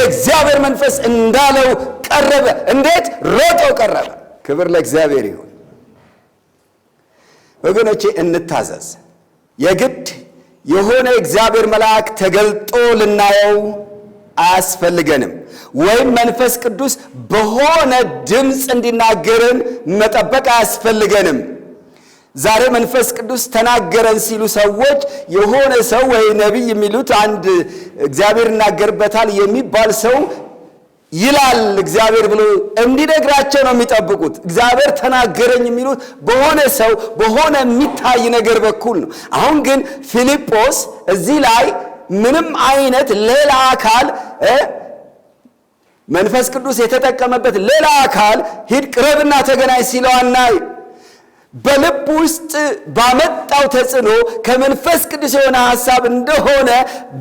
የእግዚአብሔር መንፈስ እንዳለው ቀረበ። እንዴት ሮጦ ቀረበ። ክብር ለእግዚአብሔር ይሁን። ወገኖቼ እንታዘዝ። የግድ የሆነ እግዚአብሔር መልአክ ተገልጦ ልናየው አያስፈልገንም። ወይም መንፈስ ቅዱስ በሆነ ድምፅ እንዲናገርን መጠበቅ አያስፈልገንም። ዛሬ መንፈስ ቅዱስ ተናገረን ሲሉ ሰዎች የሆነ ሰው ወይ ነቢይ የሚሉት አንድ እግዚአብሔር ይናገርበታል የሚባል ሰው ይላል እግዚአብሔር ብሎ እንዲነግራቸው ነው የሚጠብቁት። እግዚአብሔር ተናገረኝ የሚሉት በሆነ ሰው በሆነ የሚታይ ነገር በኩል ነው። አሁን ግን ፊልጶስ እዚህ ላይ ምንም አይነት ሌላ አካል መንፈስ ቅዱስ የተጠቀመበት ሌላ አካል ሂድ ቅረብና ተገናኝ ሲለው በልብ ውስጥ ባመጣው ተጽዕኖ ከመንፈስ ቅዱስ የሆነ ሐሳብ እንደሆነ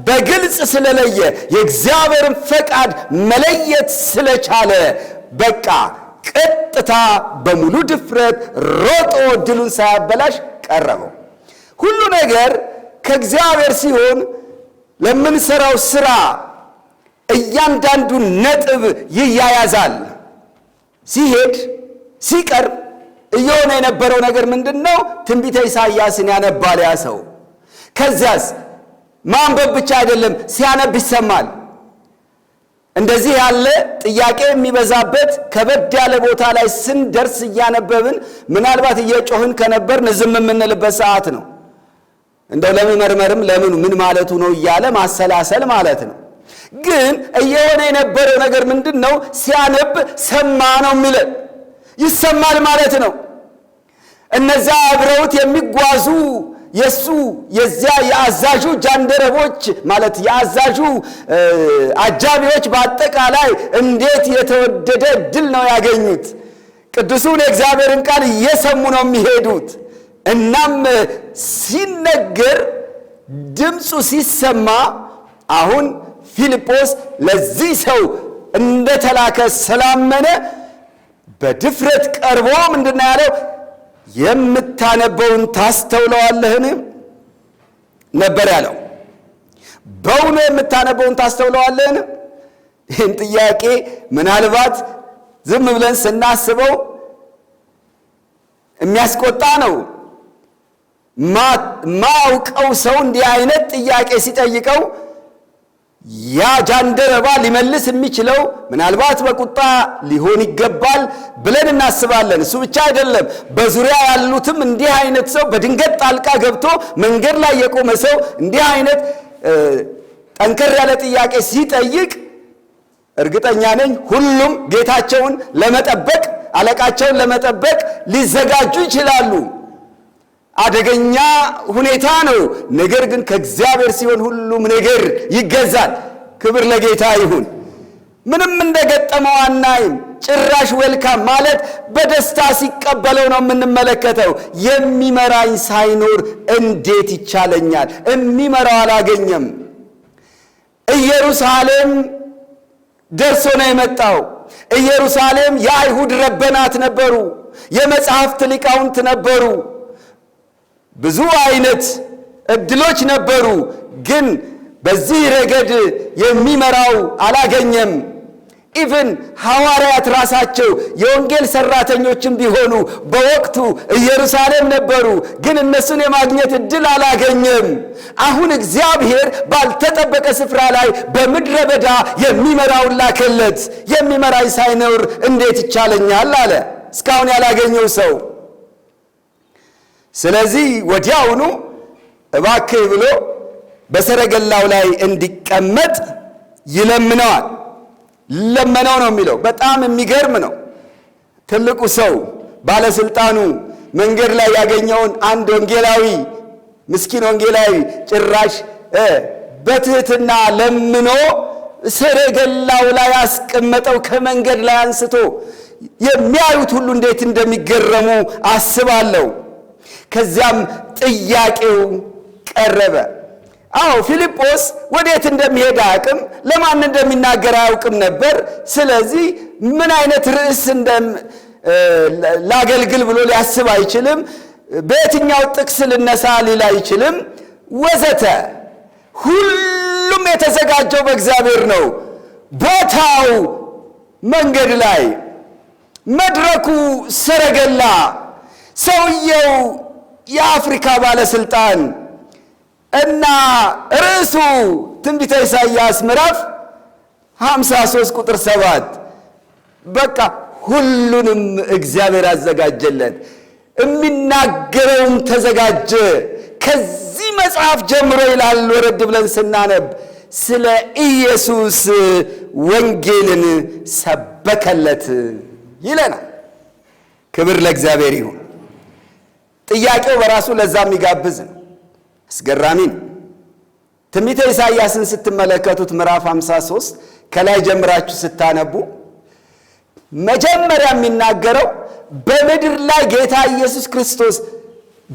በግልጽ ስለለየ የእግዚአብሔርን ፈቃድ መለየት ስለቻለ በቃ ቀጥታ በሙሉ ድፍረት ሮጦ ድሉን ሳያበላሽ ቀረበው። ሁሉ ነገር ከእግዚአብሔር ሲሆን ለምንሰራው ስራ እያንዳንዱ ነጥብ ይያያዛል። ሲሄድ ሲቀርብ እየሆነ የነበረው ነገር ምንድን ነው? ትንቢተ ኢሳይያስን ያነባል ያ ሰው። ከዚያስ ማንበብ ብቻ አይደለም፣ ሲያነብ ይሰማል። እንደዚህ ያለ ጥያቄ የሚበዛበት ከበድ ያለ ቦታ ላይ ስንደርስ እያነበብን ምናልባት እየጮህን ከነበርን ዝም የምንልበት ሰዓት ነው። እንደው ለመመርመርም ለምኑ ምን ማለቱ ነው እያለ ማሰላሰል ማለት ነው። ግን እየሆነ የነበረው ነገር ምንድን ነው? ሲያነብ ሰማ ነው የሚለን ይሰማል ማለት ነው። እነዚያ አብረውት የሚጓዙ የእሱ የዚያ የአዛዡ ጃንደረቦች ማለት የአዛዡ አጃቢዎች በአጠቃላይ እንዴት የተወደደ ድል ነው ያገኙት! ቅዱሱን የእግዚአብሔርን ቃል እየሰሙ ነው የሚሄዱት። እናም ሲነገር ድምፁ ሲሰማ አሁን ፊልጶስ ለዚህ ሰው እንደተላከ ስላመነ በድፍረት ቀርቦ ምንድን ያለው የምታነበውን ታስተውለዋለህን ነበር ያለው። በውነ የምታነበውን ታስተውለዋለህን? ይህን ጥያቄ ምናልባት ዝም ብለን ስናስበው የሚያስቆጣ ነው። ማውቀው ሰው እንዲህ አይነት ጥያቄ ሲጠይቀው ያ ጃንደረባ ሊመልስ የሚችለው ምናልባት በቁጣ ሊሆን ይገባል ብለን እናስባለን። እሱ ብቻ አይደለም፣ በዙሪያ ያሉትም እንዲህ አይነት ሰው በድንገት ጣልቃ ገብቶ መንገድ ላይ የቆመ ሰው እንዲህ አይነት ጠንከር ያለ ጥያቄ ሲጠይቅ እርግጠኛ ነኝ ሁሉም ጌታቸውን ለመጠበቅ አለቃቸውን ለመጠበቅ ሊዘጋጁ ይችላሉ። አደገኛ ሁኔታ ነው። ነገር ግን ከእግዚአብሔር ሲሆን ሁሉም ነገር ይገዛል። ክብር ለጌታ ይሁን። ምንም እንደገጠመው አናይም። ጭራሽ ወልካም ማለት በደስታ ሲቀበለው ነው የምንመለከተው። የሚመራኝ ሳይኖር እንዴት ይቻለኛል? የሚመራው አላገኘም። ኢየሩሳሌም ደርሶ ነው የመጣው። ኢየሩሳሌም የአይሁድ ረበናት ነበሩ፣ የመጽሐፍት ሊቃውንት ነበሩ። ብዙ አይነት እድሎች ነበሩ፣ ግን በዚህ ረገድ የሚመራው አላገኘም። ኢቭን ሐዋርያት ራሳቸው የወንጌል ሠራተኞችም ቢሆኑ በወቅቱ ኢየሩሳሌም ነበሩ፣ ግን እነሱን የማግኘት ዕድል አላገኘም። አሁን እግዚአብሔር ባልተጠበቀ ስፍራ ላይ በምድረ በዳ የሚመራውን ላከለት። የሚመራኝ ሳይኖር እንዴት ይቻለኛል አለ። እስካሁን ያላገኘው ሰው ስለዚህ ወዲያውኑ እባክህ ብሎ በሰረገላው ላይ እንዲቀመጥ ይለምነዋል። ለመነው ነው የሚለው። በጣም የሚገርም ነው። ትልቁ ሰው ባለስልጣኑ መንገድ ላይ ያገኘውን አንድ ወንጌላዊ ምስኪን ወንጌላዊ ጭራሽ በትህትና ለምኖ ሰረገላው ላይ ያስቀመጠው ከመንገድ ላይ አንስቶ የሚያዩት ሁሉ እንዴት እንደሚገረሙ አስባለሁ። ከዚያም ጥያቄው ቀረበ። አዎ ፊልጶስ ወዴት እንደሚሄድ አያውቅም፣ ለማን እንደሚናገር አያውቅም ነበር። ስለዚህ ምን አይነት ርዕስ ላገልግል ብሎ ሊያስብ አይችልም። በየትኛው ጥቅስ ልነሳ ሊል አይችልም፣ ወዘተ። ሁሉም የተዘጋጀው በእግዚአብሔር ነው። ቦታው መንገድ ላይ፣ መድረኩ ሰረገላ፣ ሰውየው የአፍሪካ ባለስልጣን እና ርዕሱ ትንቢተ ኢሳይያስ ምዕራፍ 53 ቁጥር 7 በቃ ሁሉንም እግዚአብሔር አዘጋጀለት፣ የሚናገረውም ተዘጋጀ። ከዚህ መጽሐፍ ጀምሮ ይላል ወረድ ብለን ስናነብ ስለ ኢየሱስ ወንጌልን ሰበከለት ይለናል። ክብር ለእግዚአብሔር ይሁን። ጥያቄው በራሱ ለዛ የሚጋብዝ ነው። አስገራሚ ነው። ትንቢተ ኢሳይያስን ስትመለከቱት ምዕራፍ 53 ከላይ ጀምራችሁ ስታነቡ መጀመሪያ የሚናገረው በምድር ላይ ጌታ ኢየሱስ ክርስቶስ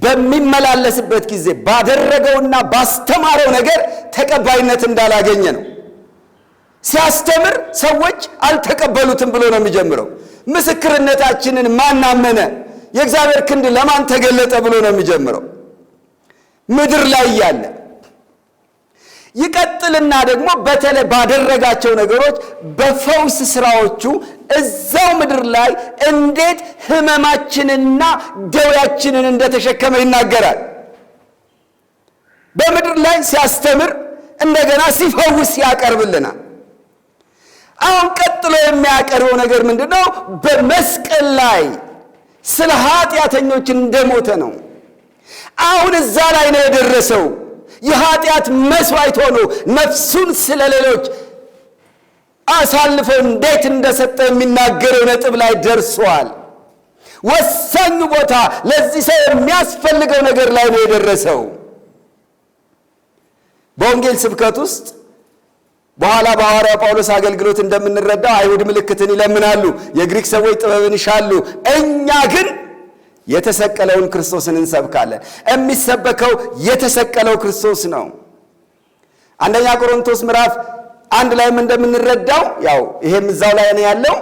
በሚመላለስበት ጊዜ ባደረገውና ባስተማረው ነገር ተቀባይነት እንዳላገኘ ነው። ሲያስተምር ሰዎች አልተቀበሉትም ብሎ ነው የሚጀምረው። ምስክርነታችንን ማናመነ! የእግዚአብሔር ክንድ ለማን ተገለጠ ብሎ ነው የሚጀምረው። ምድር ላይ ያለ ይቀጥልና ደግሞ በተለይ ባደረጋቸው ነገሮች በፈውስ ስራዎቹ እዛው ምድር ላይ እንዴት ህመማችንና ደውያችንን እንደተሸከመ ይናገራል። በምድር ላይ ሲያስተምር እንደገና ሲፈውስ ያቀርብልናል። አሁን ቀጥሎ የሚያቀርበው ነገር ምንድን ነው? በመስቀል ላይ ስለ ኃጢአተኞች እንደሞተ ነው። አሁን እዛ ላይ ነው የደረሰው። የኃጢአት መሥዋዕት ሆኖ ነፍሱን ስለ ሌሎች አሳልፈው እንዴት እንደሰጠ የሚናገረው ነጥብ ላይ ደርሷል። ወሳኙ ቦታ ለዚህ ሰው የሚያስፈልገው ነገር ላይ ነው የደረሰው በወንጌል ስብከት ውስጥ በኋላ በሐዋርያ ጳውሎስ አገልግሎት እንደምንረዳው አይሁድ ምልክትን ይለምናሉ፣ የግሪክ ሰዎች ጥበብን ይሻሉ። እኛ ግን የተሰቀለውን ክርስቶስን እንሰብካለን። የሚሰበከው የተሰቀለው ክርስቶስ ነው። አንደኛ ቆሮንቶስ ምዕራፍ አንድ ላይም እንደምንረዳው ያው ይሄም እዛው ላይ ነው ያለው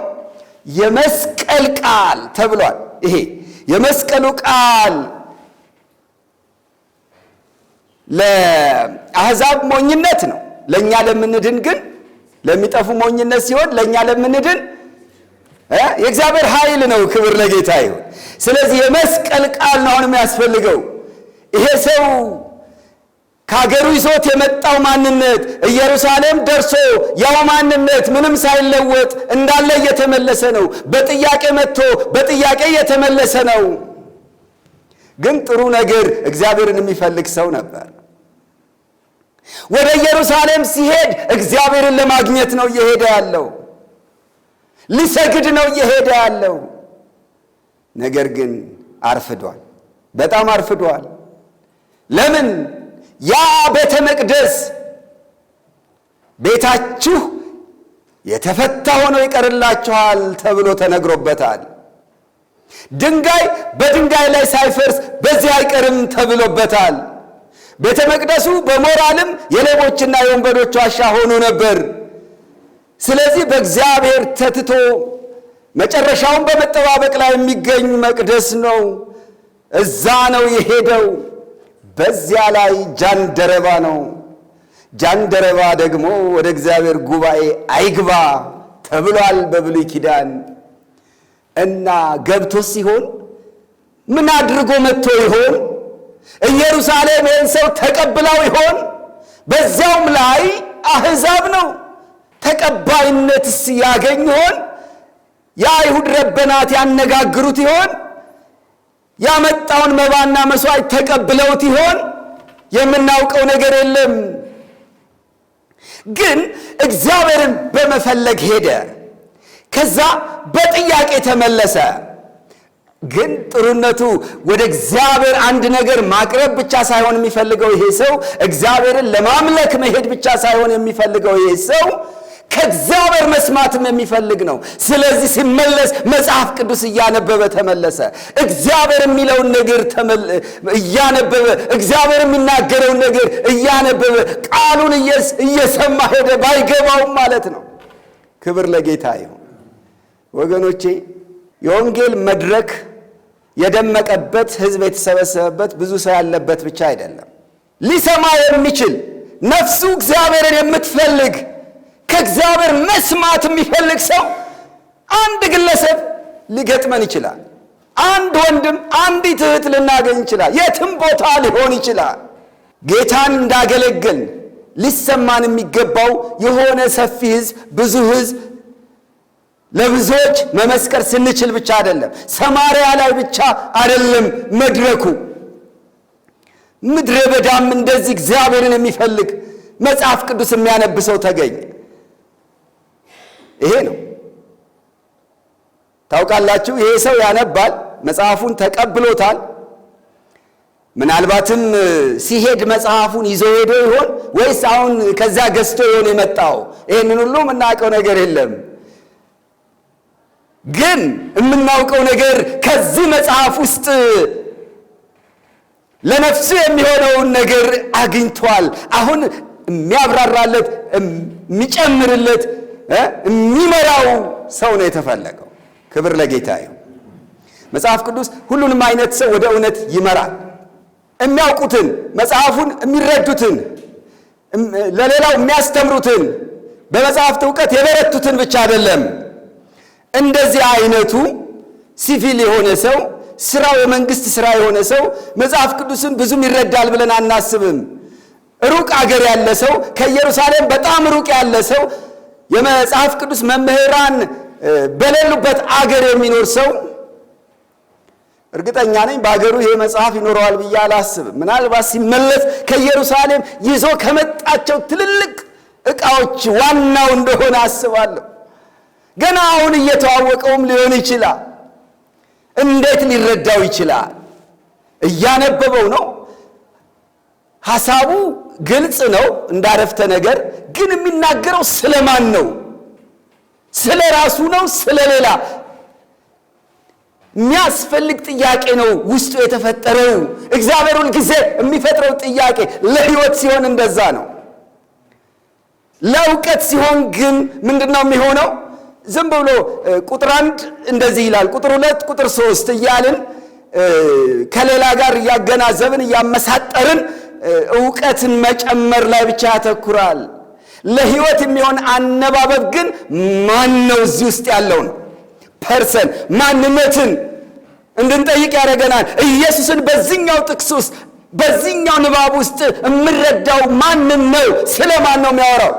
የመስቀል ቃል ተብሏል። ይሄ የመስቀሉ ቃል ለአሕዛብ ሞኝነት ነው ለእኛ ለምንድን ግን ለሚጠፉ ሞኝነት ሲሆን ለእኛ ለምንድን የእግዚአብሔር ኃይል ነው። ክብር ለጌታ ይሁን። ስለዚህ የመስቀል ቃል ነው አሁን የሚያስፈልገው። ይሄ ሰው ከሀገሩ ይዞት የመጣው ማንነት ኢየሩሳሌም ደርሶ ያው ማንነት ምንም ሳይለወጥ እንዳለ እየተመለሰ ነው። በጥያቄ መጥቶ በጥያቄ እየተመለሰ ነው። ግን ጥሩ ነገር እግዚአብሔርን የሚፈልግ ሰው ነበር። ወደ ኢየሩሳሌም ሲሄድ እግዚአብሔርን ለማግኘት ነው እየሄደ ያለው። ሊሰግድ ነው እየሄደ ያለው። ነገር ግን አርፍዷል፣ በጣም አርፍዷል። ለምን? ያ ቤተ መቅደስ ቤታችሁ የተፈታ ሆኖ ይቀርላችኋል ተብሎ ተነግሮበታል። ድንጋይ በድንጋይ ላይ ሳይፈርስ በዚህ አይቀርም ተብሎበታል። ቤተ መቅደሱ በሞራልም የሌቦችና የወንበዶች ዋሻ ሆኖ ነበር። ስለዚህ በእግዚአብሔር ተትቶ መጨረሻውን በመጠባበቅ ላይ የሚገኝ መቅደስ ነው። እዛ ነው የሄደው። በዚያ ላይ ጃንደረባ ነው። ጃንደረባ ደግሞ ወደ እግዚአብሔር ጉባኤ አይግባ ተብሏል በብሉይ ኪዳን እና ገብቶ ሲሆን ምን አድርጎ መጥቶ ይሆን? ኢየሩሳሌም ይህን ሰው ተቀብላው ይሆን? በዚያውም ላይ አሕዛብ ነው፣ ተቀባይነትስ ያገኝ ይሆን? የአይሁድ ረበናት ያነጋግሩት ይሆን? ያመጣውን መባና መሥዋዕት ተቀብለውት ይሆን? የምናውቀው ነገር የለም። ግን እግዚአብሔርን በመፈለግ ሄደ። ከዛ በጥያቄ ተመለሰ። ግን ጥሩነቱ ወደ እግዚአብሔር አንድ ነገር ማቅረብ ብቻ ሳይሆን የሚፈልገው ይሄ ሰው እግዚአብሔርን ለማምለክ መሄድ ብቻ ሳይሆን የሚፈልገው ይሄ ሰው ከእግዚአብሔር መስማትም የሚፈልግ ነው። ስለዚህ ሲመለስ መጽሐፍ ቅዱስ እያነበበ ተመለሰ። እግዚአብሔር የሚለውን ነገር እያነበበ እግዚአብሔር የሚናገረውን ነገር እያነበበ ቃሉን እየሰማ ሄደ፣ ባይገባውም ማለት ነው። ክብር ለጌታ ይሁን ወገኖቼ። የወንጌል መድረክ የደመቀበት ህዝብ የተሰበሰበበት ብዙ ሰው ያለበት ብቻ አይደለም። ሊሰማ የሚችል ነፍሱ እግዚአብሔርን የምትፈልግ ከእግዚአብሔር መስማት የሚፈልግ ሰው አንድ ግለሰብ ሊገጥመን ይችላል። አንድ ወንድም፣ አንዲት እህት ልናገኝ ይችላል። የትም ቦታ ሊሆን ይችላል። ጌታን እንዳገለገልን ሊሰማን የሚገባው የሆነ ሰፊ ህዝብ ብዙ ህዝብ ። ለብዙዎች መመስከር ስንችል ብቻ አይደለም፣ ሰማሪያ ላይ ብቻ አይደለም መድረኩ። ምድረ በዳም እንደዚህ እግዚአብሔርን የሚፈልግ መጽሐፍ ቅዱስ የሚያነብ ሰው ተገኘ። ይሄ ነው ታውቃላችሁ። ይሄ ሰው ያነባል፣ መጽሐፉን ተቀብሎታል። ምናልባትም ሲሄድ መጽሐፉን ይዞ ሄዶ ይሆን ወይስ አሁን ከዛ ገዝቶ ይሆን የመጣው? ይህንን ሁሉ የምናውቀው ነገር የለም። ግን የምናውቀው ነገር ከዚህ መጽሐፍ ውስጥ ለነፍሱ የሚሆነውን ነገር አግኝቷል። አሁን የሚያብራራለት የሚጨምርለት የሚመራው ሰው ነው የተፈለገው። ክብር ለጌታ ይሁን። መጽሐፍ ቅዱስ ሁሉንም አይነት ሰው ወደ እውነት ይመራል። የሚያውቁትን መጽሐፉን የሚረዱትን ለሌላው የሚያስተምሩትን በመጽሐፍት እውቀት የበረቱትን ብቻ አይደለም እንደዚህ አይነቱ ሲቪል የሆነ ሰው ስራው የመንግስት ስራ የሆነ ሰው መጽሐፍ ቅዱስን ብዙም ይረዳል ብለን አናስብም። ሩቅ አገር ያለ ሰው ከኢየሩሳሌም በጣም ሩቅ ያለ ሰው የመጽሐፍ ቅዱስ መምህራን በሌሉበት አገር የሚኖር ሰው እርግጠኛ ነኝ በአገሩ ይሄ መጽሐፍ ይኖረዋል ብዬ አላስብም። ምናልባት ሲመለስ ከኢየሩሳሌም ይዞ ከመጣቸው ትልልቅ እቃዎች ዋናው እንደሆነ አስባለሁ። ገና አሁን እየተዋወቀውም ሊሆን ይችላል። እንዴት ሊረዳው ይችላል? እያነበበው ነው። ሐሳቡ ግልጽ ነው እንዳረፍተ ነገር። ግን የሚናገረው ስለማን ነው? ስለ ራሱ ነው? ስለ ሌላ የሚያስፈልግ ጥያቄ ነው ውስጡ የተፈጠረው። እግዚአብሔር ሁልጊዜ የሚፈጥረው ጥያቄ ለሕይወት ሲሆን እንደዛ ነው። ለእውቀት ሲሆን ግን ምንድን ነው የሚሆነው? ዝም ብሎ ቁጥር አንድ እንደዚህ ይላል፣ ቁጥር ሁለት፣ ቁጥር ሶስት እያልን ከሌላ ጋር እያገናዘብን እያመሳጠርን እውቀትን መጨመር ላይ ብቻ ያተኩራል። ለህይወት የሚሆን አነባበብ ግን ማን ነው እዚህ ውስጥ ያለውን ፐርሰን ማንነትን እንድንጠይቅ ያደረገናል። ኢየሱስን በዚህኛው ጥቅስ ውስጥ በዚህኛው ንባብ ውስጥ የምረዳው ማንን ነው? ስለ ማን ነው የሚያወራው?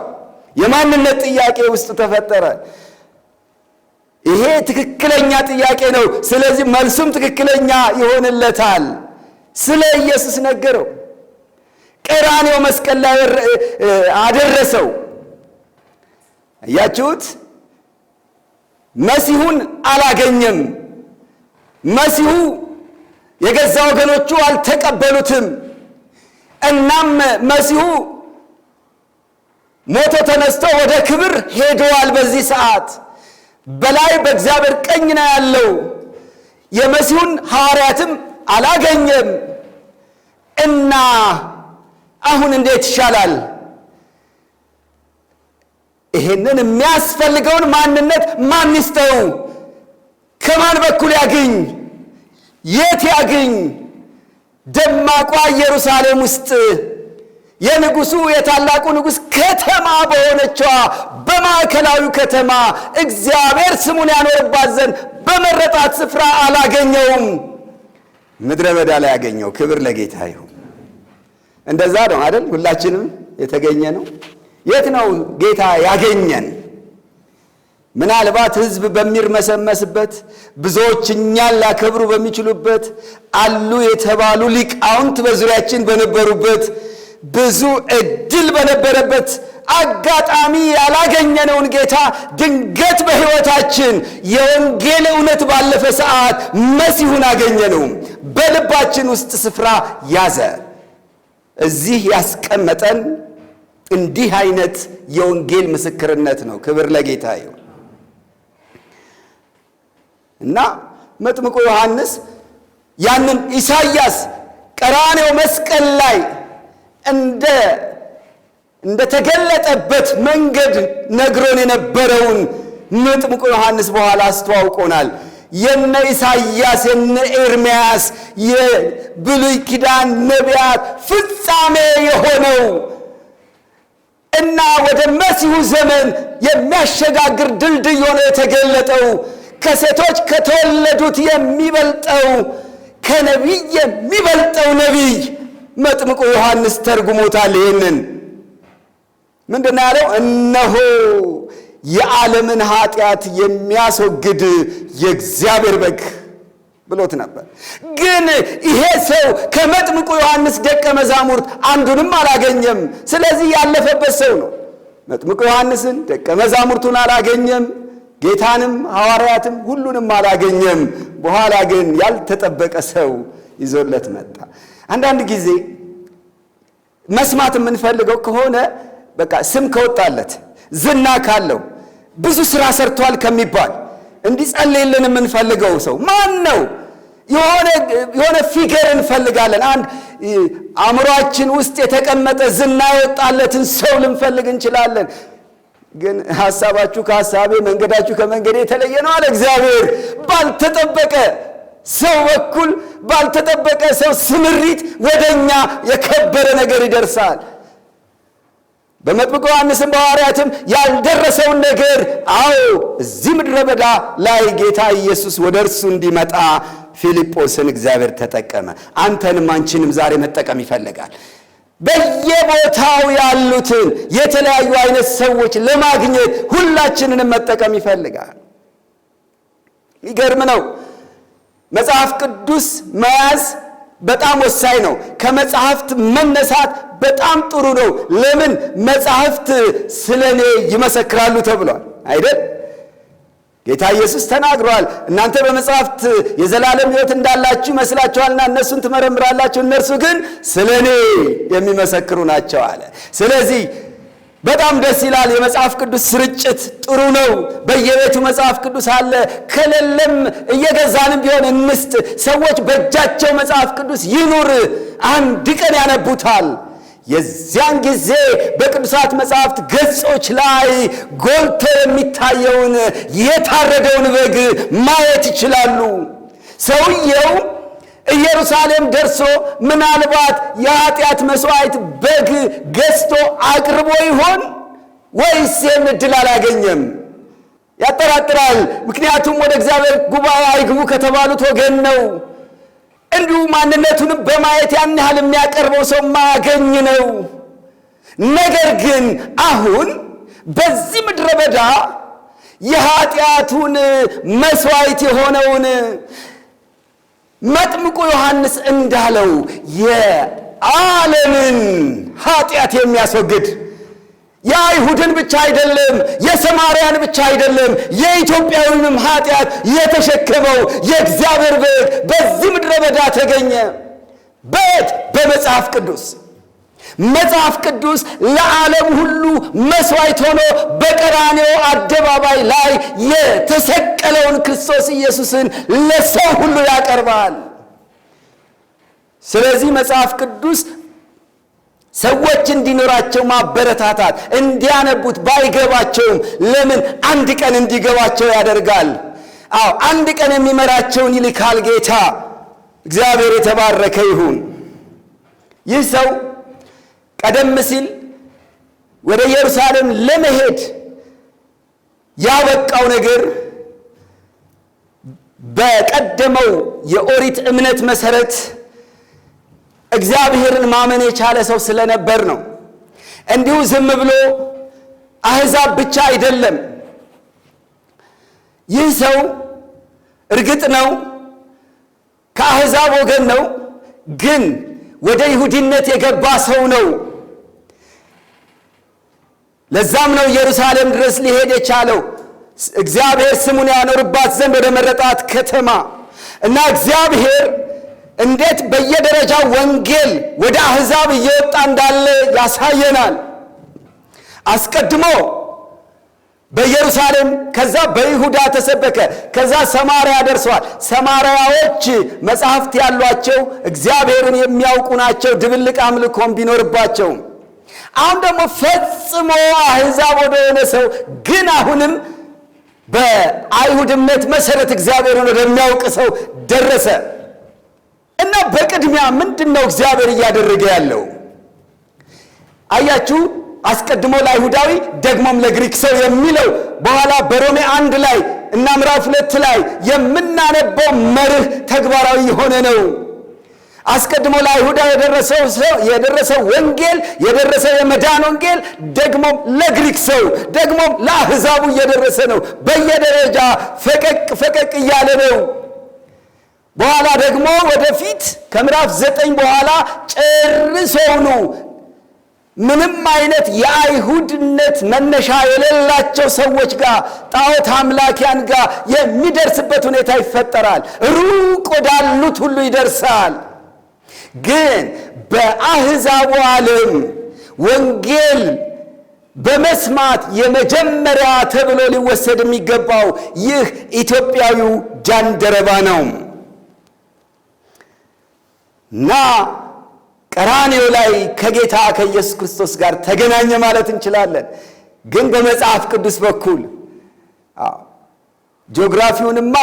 የማንነት ጥያቄ ውስጥ ተፈጠረ። ይሄ ትክክለኛ ጥያቄ ነው። ስለዚህ መልሱም ትክክለኛ ይሆንለታል። ስለ ኢየሱስ ነገረው። ቀራኔው መስቀል ላይ አደረሰው። እያችሁት መሲሁን አላገኘም። መሲሁ የገዛ ወገኖቹ አልተቀበሉትም። እናም መሲሁ ሞቶ ተነስቶ ወደ ክብር ሄደዋል። በዚህ ሰዓት በላይ በእግዚአብሔር ቀኝ ነው ያለው። የመሲሁን ሐዋርያትም አላገኘም እና አሁን እንዴት ይሻላል? ይሄንን የሚያስፈልገውን ማንነት ማን ከማን በኩል ያግኝ? የት ያግኝ? ደማቋ ኢየሩሳሌም ውስጥ የንጉሱ የታላቁ ንጉሥ ከተማ በሆነችዋ በማዕከላዊ ከተማ እግዚአብሔር ስሙን ያኖርባት ዘንድ በመረጣት ስፍራ አላገኘውም፣ ምድረ በዳ ላይ ያገኘው። ክብር ለጌታ ይሁን። እንደዛ ነው አይደል? ሁላችንም የተገኘ ነው። የት ነው ጌታ ያገኘን? ምናልባት ሕዝብ በሚርመሰመስበት ብዙዎች እኛን ላከብሩ በሚችሉበት አሉ የተባሉ ሊቃውንት በዙሪያችን በነበሩበት ብዙ እድል በነበረበት አጋጣሚ ያላገኘነውን ጌታ ድንገት በሕይወታችን የወንጌል እውነት ባለፈ ሰዓት መሲሁን አገኘነው። በልባችን ውስጥ ስፍራ ያዘ። እዚህ ያስቀመጠን እንዲህ አይነት የወንጌል ምስክርነት ነው። ክብር ለጌታ ይሁን እና መጥምቁ ዮሐንስ ያንን ኢሳይያስ ቀራኔው መስቀል ላይ እንደ እንደተገለጠበት መንገድ ነግሮን የነበረውን መጥምቁ ዮሐንስ በኋላ አስተዋውቆናል። የነ ኢሳይያስ የነ ኤርምያስ የብሉይ ኪዳን ነቢያት ፍጻሜ የሆነው እና ወደ መሲሁ ዘመን የሚያሸጋግር ድልድይ ሆኖ የተገለጠው ከሴቶች ከተወለዱት የሚበልጠው ከነቢይ የሚበልጠው ነቢይ መጥምቁ ዮሐንስ ተርጉሞታል። ይህንን ምንድን ነው ያለው? እነሆ የዓለምን ኃጢአት የሚያስወግድ የእግዚአብሔር በግ ብሎት ነበር። ግን ይሄ ሰው ከመጥምቁ ዮሐንስ ደቀ መዛሙርት አንዱንም አላገኘም። ስለዚህ ያለፈበት ሰው ነው። መጥምቁ ዮሐንስን ደቀ መዛሙርቱን አላገኘም። ጌታንም ሐዋርያትም ሁሉንም አላገኘም። በኋላ ግን ያልተጠበቀ ሰው ይዞለት መጣ። አንዳንድ ጊዜ መስማት የምንፈልገው ከሆነ በቃ ስም ከወጣለት ዝና ካለው ብዙ ስራ ሰርቷል ከሚባል እንዲጸልይልን የምንፈልገው ሰው ማን ነው? የሆነ ፊገር እንፈልጋለን። አንድ አእምሯችን ውስጥ የተቀመጠ ዝና የወጣለትን ሰው ልንፈልግ እንችላለን። ግን ሀሳባችሁ ከሀሳቤ መንገዳችሁ ከመንገዴ የተለየ ነው አለ እግዚአብሔር ባልተጠበቀ ሰው በኩል ባልተጠበቀ ሰው ስምሪት ወደ እኛ የከበረ ነገር ይደርሳል። በመጥምቁ ዮሐንስም በሐዋርያትም ያልደረሰውን ነገር አዎ፣ እዚህ ምድረ በዳ ላይ ጌታ ኢየሱስ ወደ እርሱ እንዲመጣ ፊልጶስን እግዚአብሔር ተጠቀመ። አንተንም አንቺንም ዛሬ መጠቀም ይፈልጋል። በየቦታው ያሉትን የተለያዩ አይነት ሰዎች ለማግኘት ሁላችንንም መጠቀም ይፈልጋል። የሚገርም ነው። መጽሐፍ ቅዱስ መያዝ በጣም ወሳኝ ነው። ከመጽሐፍት መነሳት በጣም ጥሩ ነው። ለምን? መጽሐፍት ስለ እኔ ይመሰክራሉ ተብሏል አይደል? ጌታ ኢየሱስ ተናግሯል። እናንተ በመጽሐፍት የዘላለም ሕይወት እንዳላችሁ ይመስላችኋልና እነሱን ትመረምራላችሁ፣ እነርሱ ግን ስለ እኔ የሚመሰክሩ ናቸው አለ። ስለዚህ በጣም ደስ ይላል። የመጽሐፍ ቅዱስ ስርጭት ጥሩ ነው። በየቤቱ መጽሐፍ ቅዱስ አለ። ከሌለም እየገዛንም ቢሆን እንስጥ። ሰዎች በእጃቸው መጽሐፍ ቅዱስ ይኑር። አንድ ቀን ያነቡታል። የዚያን ጊዜ በቅዱሳት መጽሐፍት ገጾች ላይ ጎልቶ የሚታየውን የታረደውን በግ ማየት ይችላሉ። ሰውየው ኢየሩሳሌም ደርሶ ምናልባት የኃጢአት መስዋዕት በግ ገዝቶ አቅርቦ ይሆን ወይስ ይህን ዕድል አላገኘም? ያጠራጥራል። ምክንያቱም ወደ እግዚአብሔር ጉባኤ አይግቡ ከተባሉት ወገን ነው። እንዲሁ ማንነቱንም በማየት ያን ያህል የሚያቀርበው ሰው ማገኝ ነው። ነገር ግን አሁን በዚህ ምድረ በዳ የኃጢአቱን መስዋዕት የሆነውን መጥምቁ ዮሐንስ እንዳለው የዓለምን ኃጢአት የሚያስወግድ የአይሁድን ብቻ አይደለም፣ የሰማርያን ብቻ አይደለም፣ የኢትዮጵያዊንም ኃጢአት የተሸከመው የእግዚአብሔር በግ በዚህ ምድረ በዳ ተገኘ በት በመጽሐፍ ቅዱስ መጽሐፍ ቅዱስ ለዓለም ሁሉ መስዋዕት ሆኖ በቀራኔው አደባባይ ላይ የተሰቀለውን ክርስቶስ ኢየሱስን ለሰው ሁሉ ያቀርባል። ስለዚህ መጽሐፍ ቅዱስ ሰዎች እንዲኖራቸው ማበረታታት እንዲያነቡት ባይገባቸውም ለምን አንድ ቀን እንዲገባቸው ያደርጋል። አዎ አንድ ቀን የሚመራቸውን ይልካል ጌታ። እግዚአብሔር የተባረከ ይሁን። ይህ ሰው ቀደም ሲል ወደ ኢየሩሳሌም ለመሄድ ያበቃው ነገር በቀደመው የኦሪት እምነት መሰረት እግዚአብሔርን ማመን የቻለ ሰው ስለነበር ነው። እንዲሁ ዝም ብሎ አሕዛብ ብቻ አይደለም። ይህ ሰው እርግጥ ነው ከአሕዛብ ወገን ነው፣ ግን ወደ ይሁዲነት የገባ ሰው ነው። ለዛም ነው ኢየሩሳሌም ድረስ ሊሄድ የቻለው እግዚአብሔር ስሙን ያኖርባት ዘንድ ወደ መረጣት ከተማ እና እግዚአብሔር እንዴት በየደረጃው ወንጌል ወደ አሕዛብ እየወጣ እንዳለ ያሳየናል። አስቀድሞ በኢየሩሳሌም ከዛ በይሁዳ ተሰበከ። ከዛ ሰማርያ ደርሰዋል። ሰማርያዎች መጽሐፍት ያሏቸው እግዚአብሔርን የሚያውቁ ናቸው፣ ድብልቅ አምልኮም ቢኖርባቸውም አሁን ደግሞ ፈጽሞ አሕዛብ ወደ ሆነ ሰው ግን አሁንም በአይሁድ እምነት መሰረት እግዚአብሔርን ወደሚያውቅ ሰው ደረሰ እና በቅድሚያ ምንድን ነው እግዚአብሔር እያደረገ ያለው? አያችሁ አስቀድሞ ለአይሁዳዊ ደግሞም ለግሪክ ሰው የሚለው በኋላ በሮሜ አንድ ላይ እና ምራፍ ሁለት ላይ የምናነበው መርህ ተግባራዊ የሆነ ነው። አስቀድሞ ለአይሁዳ የደረሰው ሰው የደረሰው ወንጌል የደረሰው የመዳን ወንጌል ደግሞም ለግሪክ ሰው ደግሞም ለአሕዛቡ እየደረሰ ነው። በየደረጃ ፈቀቅ ፈቀቅ እያለ ነው። በኋላ ደግሞ ወደፊት ከምዕራፍ ዘጠኝ በኋላ ጨርሰውኑ ምንም አይነት የአይሁድነት መነሻ የሌላቸው ሰዎች ጋር ጣዖት አምላኪያን ጋር የሚደርስበት ሁኔታ ይፈጠራል። ሩቅ ወዳሉት ሁሉ ይደርሳል። ግን በአህዛቡ ዓለም ወንጌል በመስማት የመጀመሪያ ተብሎ ሊወሰድ የሚገባው ይህ ኢትዮጵያዊው ጃንደረባ ነው ና ቀራኔው ላይ ከጌታ ከኢየሱስ ክርስቶስ ጋር ተገናኘ ማለት እንችላለን። ግን በመጽሐፍ ቅዱስ በኩል ጂኦግራፊውንማ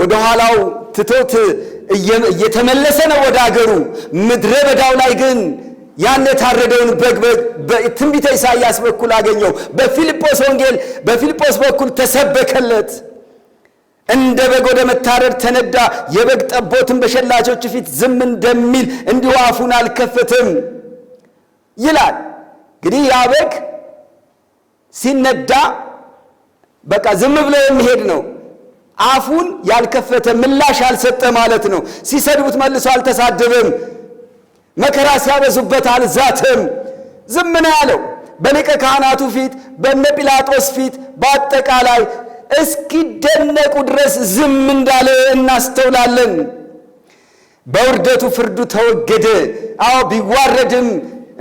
ወደኋላው ትቶት እየተመለሰ ነው ወደ አገሩ። ምድረ በዳው ላይ ግን ያን የታረደውን በግ በትንቢተ ኢሳይያስ በኩል አገኘው። በፊልጶስ ወንጌል በፊልጶስ በኩል ተሰበከለት። እንደ በግ ወደ መታረድ ተነዳ። የበግ ጠቦትን በሸላቾች ፊት ዝም እንደሚል እንዲሁ አፉን አልከፈትም ይላል። እንግዲህ ያ በግ ሲነዳ በቃ ዝም ብሎ የሚሄድ ነው። አፉን ያልከፈተ ምላሽ አልሰጠ ማለት ነው። ሲሰድቡት መልሶ አልተሳደበም። መከራ ሲያበዙበት አልዛተም። ዝም ነው ያለው። በሊቀ ካህናቱ ፊት፣ በነ ጲላጦስ ፊት፣ በአጠቃላይ እስኪደነቁ ድረስ ዝም እንዳለ እናስተውላለን። በውርደቱ ፍርዱ ተወገደ። አዎ ቢዋረድም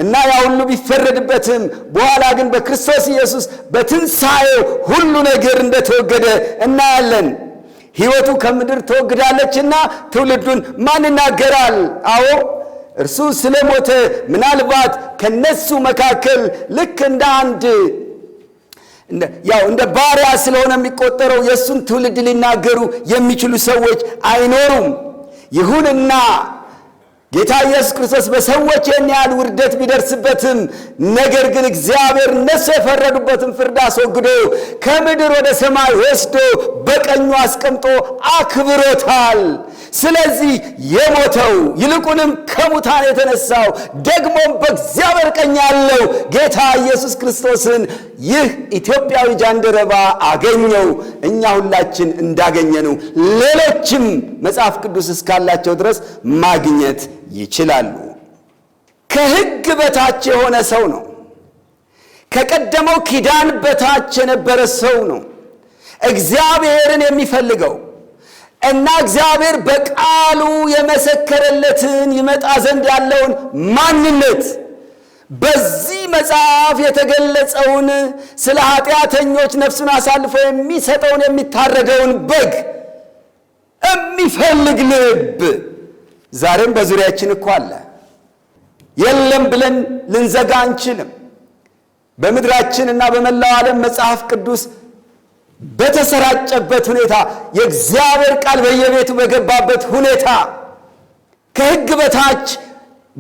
እና ያ ሁሉ ቢፈረድበትም በኋላ ግን በክርስቶስ ኢየሱስ በትንሣኤው ሁሉ ነገር እንደተወገደ እናያለን። ሕይወቱ ከምድር ተወግዳለችና ትውልዱን ማን ይናገራል? አዎ እርሱ ስለሞተ ምናልባት ከነሱ መካከል ልክ እንደ አንድ ያው እንደ ባሪያ ስለሆነ የሚቆጠረው የእሱን ትውልድ ሊናገሩ የሚችሉ ሰዎች አይኖሩም። ይሁንና ጌታ ኢየሱስ ክርስቶስ በሰዎች ይህን ያህል ውርደት ቢደርስበትም ነገር ግን እግዚአብሔር እነሱ የፈረዱበትን ፍርድ አስወግዶ ከምድር ወደ ሰማይ ወስዶ በቀኙ አስቀምጦ አክብሮታል። ስለዚህ የሞተው ይልቁንም ከሙታን የተነሳው ደግሞም በእግዚአብሔር ቀኝ ያለው ጌታ ኢየሱስ ክርስቶስን ይህ ኢትዮጵያዊ ጃንደረባ አገኘው። እኛ ሁላችን እንዳገኘነው ሌሎችም መጽሐፍ ቅዱስ እስካላቸው ድረስ ማግኘት ይችላሉ። ከሕግ በታች የሆነ ሰው ነው። ከቀደመው ኪዳን በታች የነበረ ሰው ነው። እግዚአብሔርን የሚፈልገው እና እግዚአብሔር በቃሉ የመሰከረለትን ይመጣ ዘንድ ያለውን ማንነት በዚህ መጽሐፍ የተገለጸውን ስለ ኃጢአተኞች ነፍሱን አሳልፎ የሚሰጠውን የሚታረገውን በግ የሚፈልግ ልብ ዛሬም በዙሪያችን እኮ አለ። የለም ብለን ልንዘጋ አንችልም። በምድራችን እና በመላው ዓለም መጽሐፍ ቅዱስ በተሰራጨበት ሁኔታ የእግዚአብሔር ቃል በየቤቱ በገባበት ሁኔታ ከሕግ በታች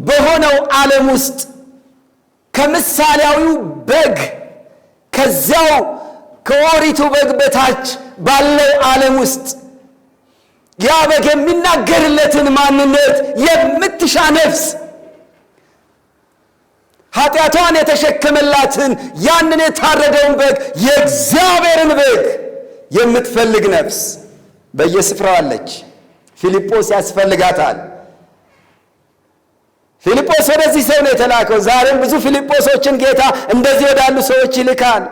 በሆነው ዓለም ውስጥ ከምሳሌያዊው በግ ከዚያው ከኦሪቱ በግ በታች ባለው ዓለም ውስጥ ያ በግ የሚናገርለትን ማንነት የምትሻ ነፍስ ኃጢአቷን የተሸከመላትን ያንን የታረደውን በግ የእግዚአብሔርን በግ የምትፈልግ ነፍስ በየስፍራው አለች። ፊልጶስ ያስፈልጋታል። ፊልጶስ ወደዚህ ሰው ነው የተላከው። ዛሬም ብዙ ፊልጶሶችን ጌታ እንደዚህ ወዳሉ ሰዎች ይልካል።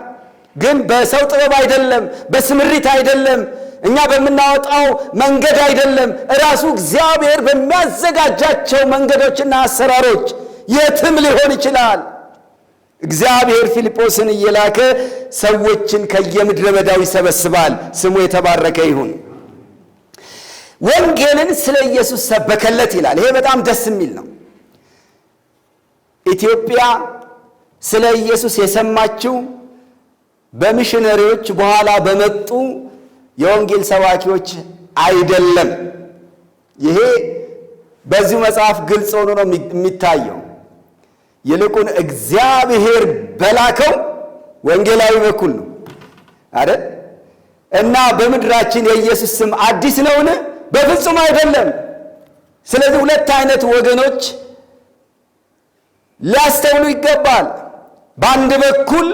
ግን በሰው ጥበብ አይደለም፣ በስምሪት አይደለም፣ እኛ በምናወጣው መንገድ አይደለም። እራሱ እግዚአብሔር በሚያዘጋጃቸው መንገዶችና አሰራሮች የትም ሊሆን ይችላል። እግዚአብሔር ፊልጶስን እየላከ ሰዎችን ከየምድረ በዳው ይሰበስባል። ስሙ የተባረከ ይሁን። ወንጌልን ስለ ኢየሱስ ሰበከለት ይላል። ይሄ በጣም ደስ የሚል ነው። ኢትዮጵያ ስለ ኢየሱስ የሰማችው በሚሽነሪዎች በኋላ በመጡ የወንጌል ሰባኪዎች አይደለም። ይሄ በዚሁ መጽሐፍ ግልጽ ሆኖ ነው የሚታየው። ይልቁን እግዚአብሔር በላከው ወንጌላዊ በኩል ነው አይደል? እና በምድራችን የኢየሱስ ስም አዲስ ነውን? በፍጹም አይደለም። ስለዚህ ሁለት አይነት ወገኖች ሊያስተውሉ ይገባል። በአንድ በኩል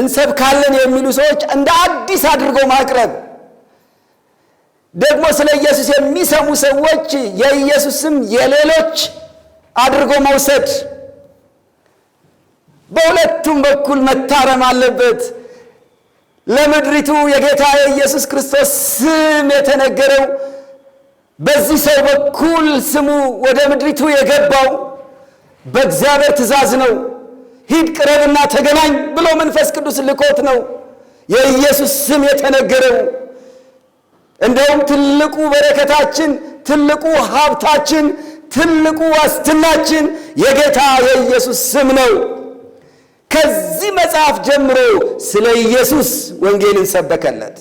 እንሰብካለን የሚሉ ሰዎች እንደ አዲስ አድርገው ማቅረብ ደግሞ ስለ ኢየሱስ የሚሰሙ ሰዎች የኢየሱስ ስም የሌሎች አድርጎ መውሰድ በሁለቱም በኩል መታረም አለበት። ለምድሪቱ የጌታ የኢየሱስ ክርስቶስ ስም የተነገረው በዚህ ሰው በኩል ስሙ ወደ ምድሪቱ የገባው በእግዚአብሔር ትእዛዝ ነው። ሂድ ቅረብና ተገናኝ ብሎ መንፈስ ቅዱስ ልኮት ነው የኢየሱስ ስም የተነገረው። እንደውም ትልቁ በረከታችን፣ ትልቁ ሀብታችን ትልቁ ዋስትናችን የጌታ የኢየሱስ ስም ነው። ከዚህ መጽሐፍ ጀምሮ ስለ ኢየሱስ ወንጌልን ሰበከለት።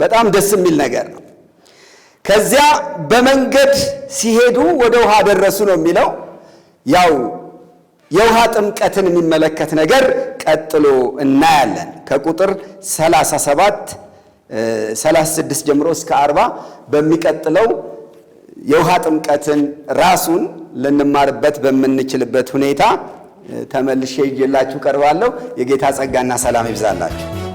በጣም ደስ የሚል ነገር ነው። ከዚያ በመንገድ ሲሄዱ ወደ ውሃ ደረሱ ነው የሚለው። ያው የውሃ ጥምቀትን የሚመለከት ነገር ቀጥሎ እናያለን። ከቁጥር 37 36 ጀምሮ እስከ 40 በሚቀጥለው የውሃ ጥምቀትን ራሱን ልንማርበት በምንችልበት ሁኔታ ተመልሼ ይዤላችሁ ቀርባለሁ። የጌታ ጸጋና ሰላም ይብዛላችሁ።